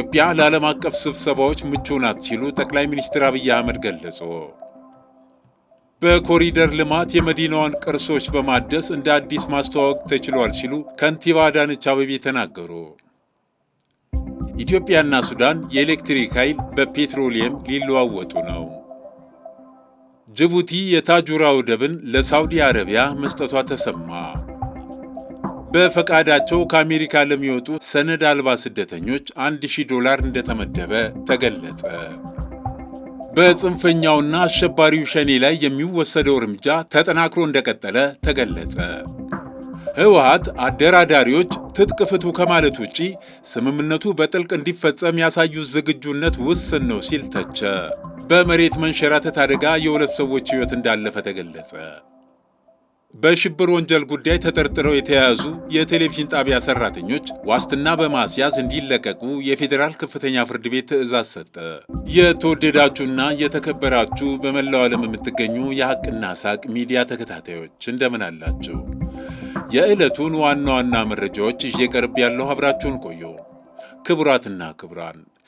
ኢትዮጵያ ለዓለም አቀፍ ስብሰባዎች ምቹ ናት ሲሉ ጠቅላይ ሚኒስትር አብይ አህመድ ገለጹ። በኮሪደር ልማት የመዲናዋን ቅርሶች በማደስ እንደ አዲስ ማስተዋወቅ ተችሏል ሲሉ ከንቲባ አዳነች አበቤ ተናገሩ። ኢትዮጵያና ሱዳን የኤሌክትሪክ ኃይል በፔትሮሊየም ሊለዋወጡ ነው። ጅቡቲ የታጁራ ወደብን ለሳውዲ አረቢያ መስጠቷ ተሰማ። በፈቃዳቸው ከአሜሪካ ለሚወጡ ሰነድ አልባ ስደተኞች 1000 ዶላር እንደተመደበ ተገለጸ። በጽንፈኛውና አሸባሪው ሸኔ ላይ የሚወሰደው እርምጃ ተጠናክሮ እንደቀጠለ ተገለጸ። ህወሀት አደራዳሪዎች ትጥቅ ፍቱ ከማለት ውጪ ስምምነቱ በጥልቅ እንዲፈጸም ያሳዩት ዝግጁነት ውስን ነው ሲል ተቸ። በመሬት መንሸራተት አደጋ የሁለት ሰዎች ሕይወት እንዳለፈ ተገለጸ። በሽብር ወንጀል ጉዳይ ተጠርጥረው የተያያዙ የቴሌቪዥን ጣቢያ ሰራተኞች ዋስትና በማስያዝ እንዲለቀቁ የፌዴራል ከፍተኛ ፍርድ ቤት ትዕዛዝ ሰጠ። የተወደዳችሁና የተከበራችሁ በመላው ዓለም የምትገኙ የሐቅና ሳቅ ሚዲያ ተከታታዮች እንደምን አላችሁ? የዕለቱን ዋና ዋና መረጃዎች ይዤ ቀርብ ያለሁ አብራችሁን ቆዩ። ክቡራትና ክቡራን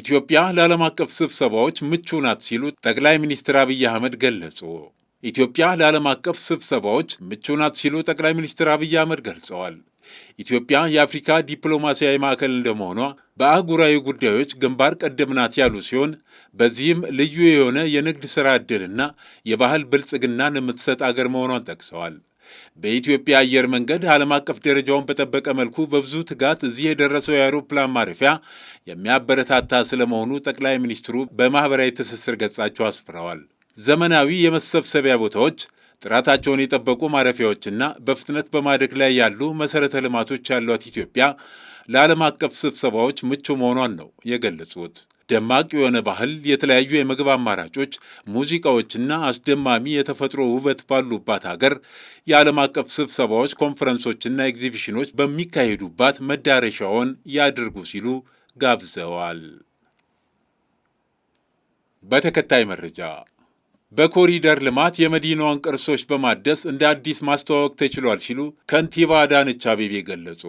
ኢትዮጵያ ለዓለም አቀፍ ስብሰባዎች ምቹ ናት ሲሉ ጠቅላይ ሚኒስትር አብይ አህመድ ገለጹ። ኢትዮጵያ ለዓለም አቀፍ ስብሰባዎች ምቹ ናት ሲሉ ጠቅላይ ሚኒስትር አብይ አህመድ ገልጸዋል። ኢትዮጵያ የአፍሪካ ዲፕሎማሲያዊ ማዕከል እንደመሆኗ በአህጉራዊ ጉዳዮች ግንባር ቀደም ናት ያሉ ሲሆን በዚህም ልዩ የሆነ የንግድ ሥራ ዕድልና የባህል ብልጽግናን የምትሰጥ አገር መሆኗን ጠቅሰዋል። በኢትዮጵያ አየር መንገድ ዓለም አቀፍ ደረጃውን በጠበቀ መልኩ በብዙ ትጋት እዚህ የደረሰው የአውሮፕላን ማረፊያ የሚያበረታታ ስለመሆኑ ጠቅላይ ሚኒስትሩ በማኅበራዊ ትስስር ገጻቸው አስፍረዋል። ዘመናዊ የመሰብሰቢያ ቦታዎች፣ ጥራታቸውን የጠበቁ ማረፊያዎችና በፍጥነት በማደግ ላይ ያሉ መሠረተ ልማቶች ያሏት ኢትዮጵያ ለዓለም አቀፍ ስብሰባዎች ምቹ መሆኗን ነው የገለጹት። ደማቅ የሆነ ባህል፣ የተለያዩ የምግብ አማራጮች፣ ሙዚቃዎችና አስደማሚ የተፈጥሮ ውበት ባሉባት አገር የዓለም አቀፍ ስብሰባዎች፣ ኮንፈረንሶችና ኤግዚቢሽኖች በሚካሄዱባት መዳረሻውን ያድርጉ ሲሉ ጋብዘዋል። በተከታይ መረጃ በኮሪደር ልማት የመዲናዋን ቅርሶች በማደስ እንደ አዲስ ማስተዋወቅ ተችሏል ሲሉ ከንቲባ አዳነች አቤቤ ገለጹ።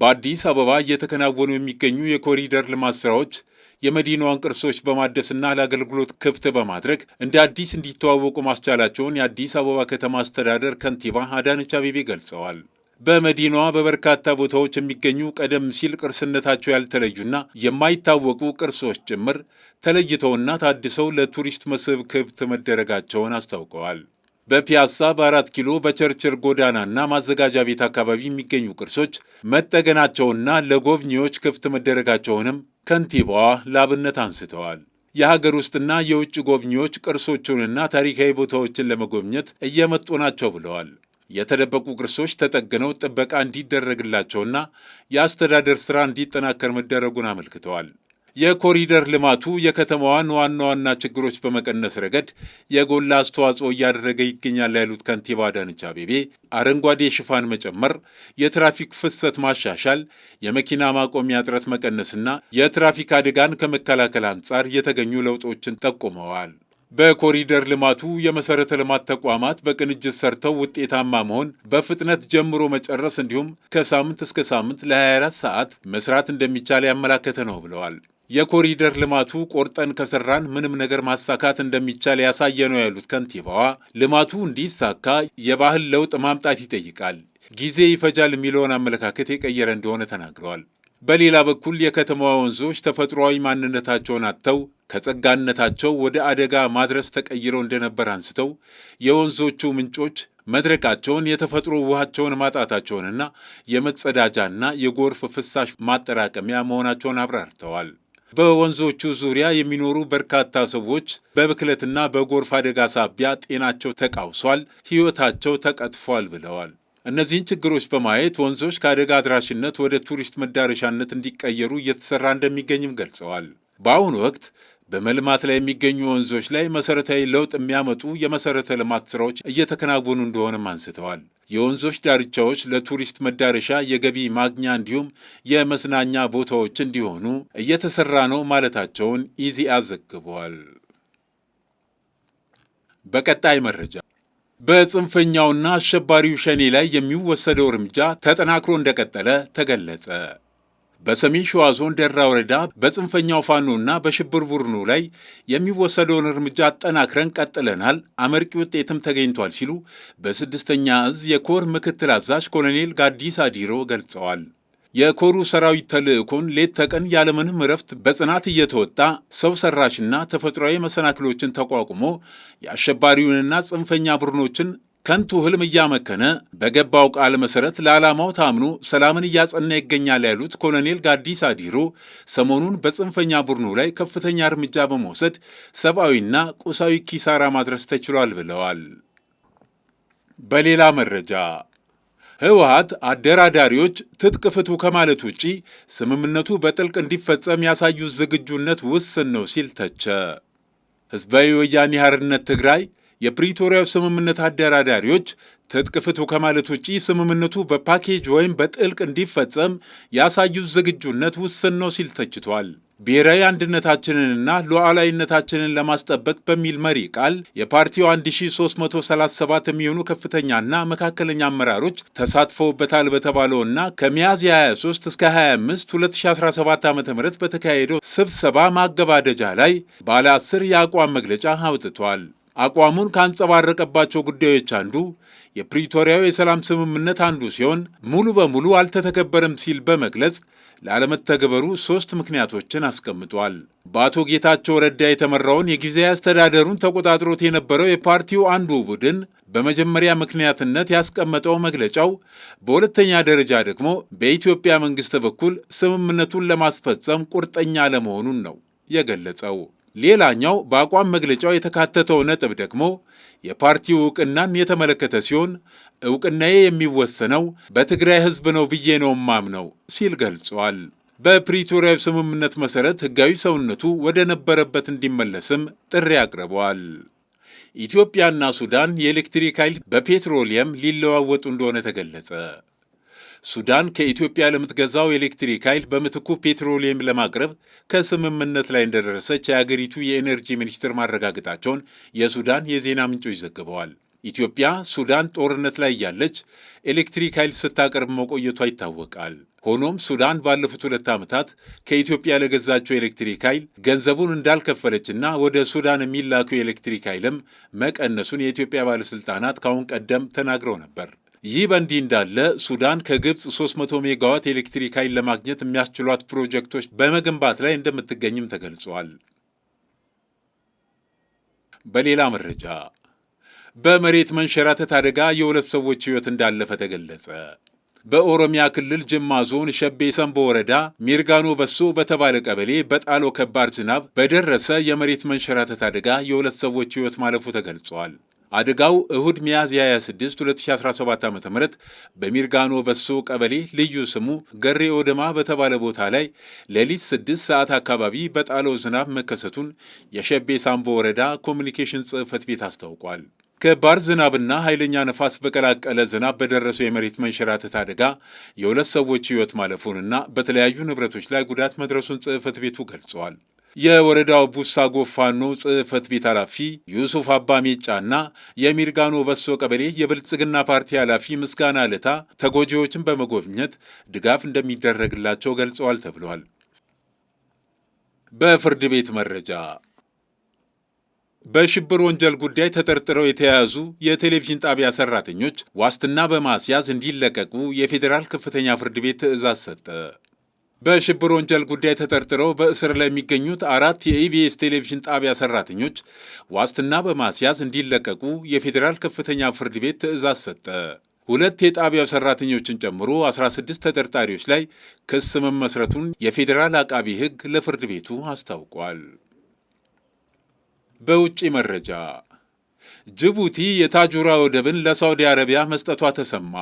በአዲስ አበባ እየተከናወኑ የሚገኙ የኮሪደር ልማት ሥራዎች የመዲናዋን ቅርሶች በማደስና ለአገልግሎት ክፍት በማድረግ እንደ አዲስ እንዲተዋወቁ ማስቻላቸውን የአዲስ አበባ ከተማ አስተዳደር ከንቲባ አዳነች አቤቤ ገልጸዋል። በመዲናዋ በበርካታ ቦታዎች የሚገኙ ቀደም ሲል ቅርስነታቸው ያልተለዩና የማይታወቁ ቅርሶች ጭምር ተለይተውና ታድሰው ለቱሪስት መስህብ ክፍት መደረጋቸውን አስታውቀዋል። በፒያሳ በአራት ኪሎ በቸርችል ጎዳናና ማዘጋጃ ቤት አካባቢ የሚገኙ ቅርሶች መጠገናቸውና ለጎብኚዎች ክፍት መደረጋቸውንም ከንቲባዋ ላብነት አንስተዋል። የሀገር ውስጥና የውጭ ጎብኚዎች ቅርሶቹንና ታሪካዊ ቦታዎችን ለመጎብኘት እየመጡ ናቸው ብለዋል። የተደበቁ ቅርሶች ተጠግነው ጥበቃ እንዲደረግላቸውና የአስተዳደር ሥራ እንዲጠናከር መደረጉን አመልክተዋል። የኮሪደር ልማቱ የከተማዋን ዋና ዋና ችግሮች በመቀነስ ረገድ የጎላ አስተዋጽኦ እያደረገ ይገኛል ያሉት ከንቲባ አዳነች አቤቤ አረንጓዴ ሽፋን መጨመር፣ የትራፊክ ፍሰት ማሻሻል፣ የመኪና ማቆሚያ እጥረት መቀነስና የትራፊክ አደጋን ከመከላከል አንጻር የተገኙ ለውጦችን ጠቁመዋል። በኮሪደር ልማቱ የመሰረተ ልማት ተቋማት በቅንጅት ሰርተው ውጤታማ መሆን፣ በፍጥነት ጀምሮ መጨረስ እንዲሁም ከሳምንት እስከ ሳምንት ለ24 ሰዓት መስራት እንደሚቻል ያመላከተ ነው ብለዋል። የኮሪደር ልማቱ ቆርጠን ከሰራን ምንም ነገር ማሳካት እንደሚቻል ያሳየ ነው ያሉት ከንቲባዋ፣ ልማቱ እንዲሳካ የባህል ለውጥ ማምጣት ይጠይቃል፣ ጊዜ ይፈጃል የሚለውን አመለካከት የቀየረ እንደሆነ ተናግረዋል። በሌላ በኩል የከተማዋ ወንዞች ተፈጥሯዊ ማንነታቸውን አጥተው ከጸጋነታቸው ወደ አደጋ ማድረስ ተቀይረው እንደነበር አንስተው የወንዞቹ ምንጮች መድረቃቸውን የተፈጥሮ ውሃቸውን ማጣታቸውንና የመጸዳጃና የጎርፍ ፍሳሽ ማጠራቀሚያ መሆናቸውን አብራርተዋል። በወንዞቹ ዙሪያ የሚኖሩ በርካታ ሰዎች በብክለትና በጎርፍ አደጋ ሳቢያ ጤናቸው ተቃውሷል፣ ሕይወታቸው ተቀጥፏል ብለዋል። እነዚህን ችግሮች በማየት ወንዞች ከአደጋ አድራሽነት ወደ ቱሪስት መዳረሻነት እንዲቀየሩ እየተሰራ እንደሚገኝም ገልጸዋል። በአሁኑ ወቅት በመልማት ላይ የሚገኙ ወንዞች ላይ መሰረታዊ ለውጥ የሚያመጡ የመሰረተ ልማት ስራዎች እየተከናወኑ እንደሆነም አንስተዋል። የወንዞች ዳርቻዎች ለቱሪስት መዳረሻ፣ የገቢ ማግኛ እንዲሁም የመዝናኛ ቦታዎች እንዲሆኑ እየተሰራ ነው ማለታቸውን ኢዜአ ዘግቧል። በቀጣይ መረጃ በጽንፈኛውና አሸባሪው ሸኔ ላይ የሚወሰደው እርምጃ ተጠናክሮ እንደቀጠለ ተገለጸ። በሰሜን ሸዋ ዞን ደራ ወረዳ በጽንፈኛው ፋኖና በሽብር ቡድኑ ላይ የሚወሰደውን እርምጃ አጠናክረን ቀጥለናል፣ አመርቂ ውጤትም ተገኝቷል ሲሉ በስድስተኛ እዝ የኮር ምክትል አዛዥ ኮሎኔል ጋዲስ አዲሮ ገልጸዋል። የኮሩ ሰራዊት ተልዕኮን ሌት ተቀን ያለምንም እረፍት በጽናት እየተወጣ ሰው ሰራሽና ተፈጥሯዊ መሰናክሎችን ተቋቁሞ የአሸባሪውንና ጽንፈኛ ቡድኖችን ከንቱ ህልም እያመከነ በገባው ቃል መሰረት ለዓላማው ታምኖ ሰላምን እያጸና ይገኛል ያሉት ኮሎኔል ጋዲስ አዲሮ ሰሞኑን በጽንፈኛ ቡድኑ ላይ ከፍተኛ እርምጃ በመውሰድ ሰብአዊና ቁሳዊ ኪሳራ ማድረስ ተችሏል ብለዋል። በሌላ መረጃ ህወሀት አደራዳሪዎች ትጥቅ ፍቱ ከማለት ውጪ ስምምነቱ በጥልቅ እንዲፈጸም ያሳዩት ዝግጁነት ውስን ነው ሲል ተቸ። ህዝባዊ ወያኔ ሓርነት ትግራይ የፕሪቶሪያው ስምምነት አደራዳሪዎች ትጥቅ ፍቱ ከማለት ውጪ ስምምነቱ በፓኬጅ ወይም በጥልቅ እንዲፈጸም ያሳዩት ዝግጁነት ውስን ነው ሲል ተችቷል። ብሔራዊ አንድነታችንንና ሉዓላዊነታችንን ለማስጠበቅ በሚል መሪ ቃል የፓርቲው 1337 የሚሆኑ ከፍተኛና መካከለኛ አመራሮች ተሳትፈውበታል በተባለውና ከሚያዝያ 23 እስከ 25 2017 ዓ ም በተካሄደው ስብሰባ ማገባደጃ ላይ ባለ 10 የአቋም መግለጫ አውጥቷል። አቋሙን ካንጸባረቀባቸው ጉዳዮች አንዱ የፕሪቶሪያው የሰላም ስምምነት አንዱ ሲሆን ሙሉ በሙሉ አልተተገበረም ሲል በመግለጽ ላለመተግበሩ ሶስት ምክንያቶችን አስቀምጧል። በአቶ ጌታቸው ረዳ የተመራውን የጊዜያዊ አስተዳደሩን ተቆጣጥሮት የነበረው የፓርቲው አንዱ ቡድን በመጀመሪያ ምክንያትነት ያስቀመጠው መግለጫው፣ በሁለተኛ ደረጃ ደግሞ በኢትዮጵያ መንግስት በኩል ስምምነቱን ለማስፈጸም ቁርጠኛ አለመሆኑን ነው የገለጸው። ሌላኛው በአቋም መግለጫው የተካተተው ነጥብ ደግሞ የፓርቲው እውቅናን የተመለከተ ሲሆን እውቅናዬ የሚወሰነው በትግራይ ሕዝብ ነው ብዬ ነው ማምነው ሲል ገልጿል። በፕሪቶሪያዊ ስምምነት መሰረት ሕጋዊ ሰውነቱ ወደ ነበረበት እንዲመለስም ጥሪ አቅርበዋል። ኢትዮጵያና ሱዳን የኤሌክትሪክ ኃይል በፔትሮሊየም ሊለዋወጡ እንደሆነ ተገለጸ። ሱዳን ከኢትዮጵያ ለምትገዛው ኤሌክትሪክ ኃይል በምትኩ ፔትሮሊየም ለማቅረብ ከስምምነት ላይ እንደደረሰች የአገሪቱ የኤነርጂ ሚኒስትር ማረጋገጣቸውን የሱዳን የዜና ምንጮች ዘግበዋል። ኢትዮጵያ ሱዳን ጦርነት ላይ እያለች ኤሌክትሪክ ኃይል ስታቀርብ መቆየቷ ይታወቃል። ሆኖም ሱዳን ባለፉት ሁለት ዓመታት ከኢትዮጵያ ለገዛቸው ኤሌክትሪክ ኃይል ገንዘቡን እንዳልከፈለችና ወደ ሱዳን የሚላከው የኤሌክትሪክ ኃይልም መቀነሱን የኢትዮጵያ ባለሥልጣናት ከአሁን ቀደም ተናግረው ነበር። ይህ በእንዲህ እንዳለ ሱዳን ከግብፅ 300 ሜጋዋት ኤሌክትሪክ ኃይል ለማግኘት የሚያስችሏት ፕሮጀክቶች በመገንባት ላይ እንደምትገኝም ተገልጿል። በሌላ መረጃ በመሬት መንሸራተት አደጋ የሁለት ሰዎች ሕይወት እንዳለፈ ተገለጸ። በኦሮሚያ ክልል ጅማ ዞን ሸቤ ሰንቦ ወረዳ ሚርጋኖ በሶ በተባለ ቀበሌ በጣለው ከባድ ዝናብ በደረሰ የመሬት መንሸራተት አደጋ የሁለት ሰዎች ሕይወት ማለፉ ተገልጿል። አደጋው እሁድ ሚያዝያ 26 2017 ዓ ም በሚርጋኖ በሶ ቀበሌ ልዩ ስሙ ገሬ ኦደማ በተባለ ቦታ ላይ ሌሊት 6 ሰዓት አካባቢ በጣለው ዝናብ መከሰቱን የሸቤ ሳምቦ ወረዳ ኮሚኒኬሽን ጽሕፈት ቤት አስታውቋል። ከባድ ዝናብና ኃይለኛ ነፋስ በቀላቀለ ዝናብ በደረሰው የመሬት መንሸራተት አደጋ የሁለት ሰዎች ሕይወት ማለፉንና በተለያዩ ንብረቶች ላይ ጉዳት መድረሱን ጽሕፈት ቤቱ ገልጸዋል። የወረዳው ቡሳ ጎፋኖ ጽህፈት ቤት ኃላፊ ዩሱፍ አባ ሜጫና የሚርጋኖ በሶ ቀበሌ የብልጽግና ፓርቲ ኃላፊ ምስጋና ለታ ተጎጂዎችን በመጎብኘት ድጋፍ እንደሚደረግላቸው ገልጸዋል ተብሏል። በፍርድ ቤት መረጃ በሽብር ወንጀል ጉዳይ ተጠርጥረው የተያያዙ የቴሌቪዥን ጣቢያ ሰራተኞች ዋስትና በማስያዝ እንዲለቀቁ የፌዴራል ከፍተኛ ፍርድ ቤት ትዕዛዝ ሰጠ። በሽብር ወንጀል ጉዳይ ተጠርጥረው በእስር ላይ የሚገኙት አራት የኢቢኤስ ቴሌቪዥን ጣቢያ ሰራተኞች ዋስትና በማስያዝ እንዲለቀቁ የፌዴራል ከፍተኛ ፍርድ ቤት ትዕዛዝ ሰጠ። ሁለት የጣቢያው ሰራተኞችን ጨምሮ 16 ተጠርጣሪዎች ላይ ክስ መመስረቱን የፌዴራል አቃቢ ሕግ ለፍርድ ቤቱ አስታውቋል። በውጭ መረጃ ጅቡቲ የታጁራ ወደብን ለሳውዲ አረቢያ መስጠቷ ተሰማ።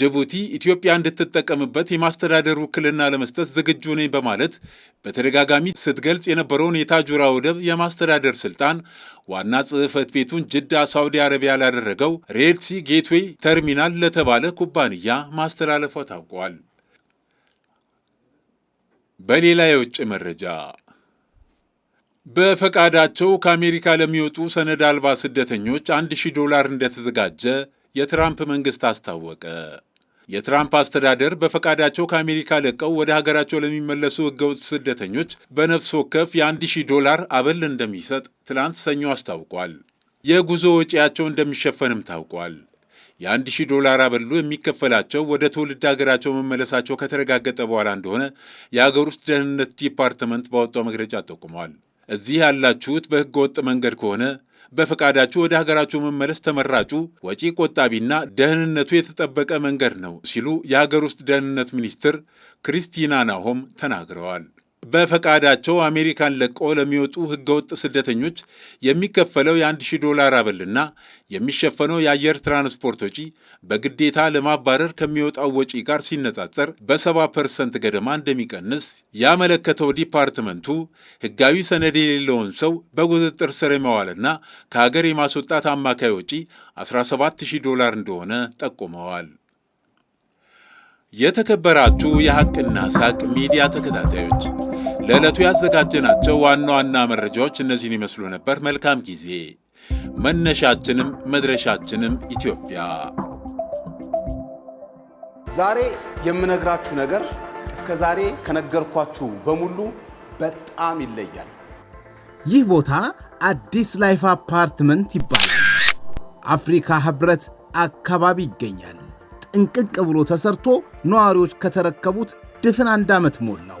ጅቡቲ ኢትዮጵያ እንድትጠቀምበት የማስተዳደር ውክልና ለመስጠት ዝግጁ ነኝ በማለት በተደጋጋሚ ስትገልጽ የነበረውን የታጁራ ወደብ የማስተዳደር ስልጣን ዋና ጽሕፈት ቤቱን ጅዳ ሳውዲ አረቢያ ላደረገው ሬድሲ ጌትዌይ ተርሚናል ለተባለ ኩባንያ ማስተላለፏ ታውቋል። በሌላ የውጭ መረጃ በፈቃዳቸው ከአሜሪካ ለሚወጡ ሰነድ አልባ ስደተኞች 1000 ዶላር እንደተዘጋጀ የትራምፕ መንግስት አስታወቀ። የትራምፕ አስተዳደር በፈቃዳቸው ከአሜሪካ ለቀው ወደ ሀገራቸው ለሚመለሱ ህገወጥ ስደተኞች በነፍስ ወከፍ የ1000 ዶላር አበል እንደሚሰጥ ትላንት ሰኞ አስታውቋል። የጉዞ ወጪያቸው እንደሚሸፈንም ታውቋል። የ1000 ዶላር አበሉ የሚከፈላቸው ወደ ትውልድ ሀገራቸው መመለሳቸው ከተረጋገጠ በኋላ እንደሆነ የአገር ውስጥ ደህንነት ዲፓርትመንት ባወጣው መግለጫ ጠቁሟል። እዚህ ያላችሁት በህገወጥ መንገድ ከሆነ በፈቃዳችሁ ወደ ሀገራችሁ መመለስ ተመራጩ ወጪ ቆጣቢና ደህንነቱ የተጠበቀ መንገድ ነው ሲሉ የሀገር ውስጥ ደህንነት ሚኒስትር ክሪስቲና ናሆም ተናግረዋል። በፈቃዳቸው አሜሪካን ለቆ ለሚወጡ ህገወጥ ስደተኞች የሚከፈለው የ1000 ዶላር አበልና የሚሸፈነው የአየር ትራንስፖርት ወጪ በግዴታ ለማባረር ከሚወጣው ወጪ ጋር ሲነጻጸር በ70 ፐርሰንት ገደማ እንደሚቀንስ ያመለከተው ዲፓርትመንቱ ህጋዊ ሰነድ የሌለውን ሰው በቁጥጥር ስር የመዋልና ከሀገር የማስወጣት አማካይ ወጪ 17000 ዶላር እንደሆነ ጠቁመዋል። የተከበራችሁ የሐቅና ሳቅ ሚዲያ ተከታታዮች ለዕለቱ ያዘጋጀናቸው ዋና ዋና መረጃዎች እነዚህን ይመስሉ ነበር። መልካም ጊዜ። መነሻችንም መድረሻችንም ኢትዮጵያ። ዛሬ የምነግራችሁ ነገር እስከ ዛሬ ከነገርኳችሁ በሙሉ በጣም ይለያል። ይህ ቦታ አዲስ ላይፍ አፓርትመንት ይባላል። አፍሪካ ህብረት አካባቢ ይገኛል። ጥንቅቅ ብሎ ተሰርቶ ነዋሪዎች ከተረከቡት ድፍን አንድ ዓመት ሞላው።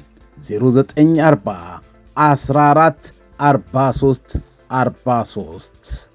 0940 14 43 43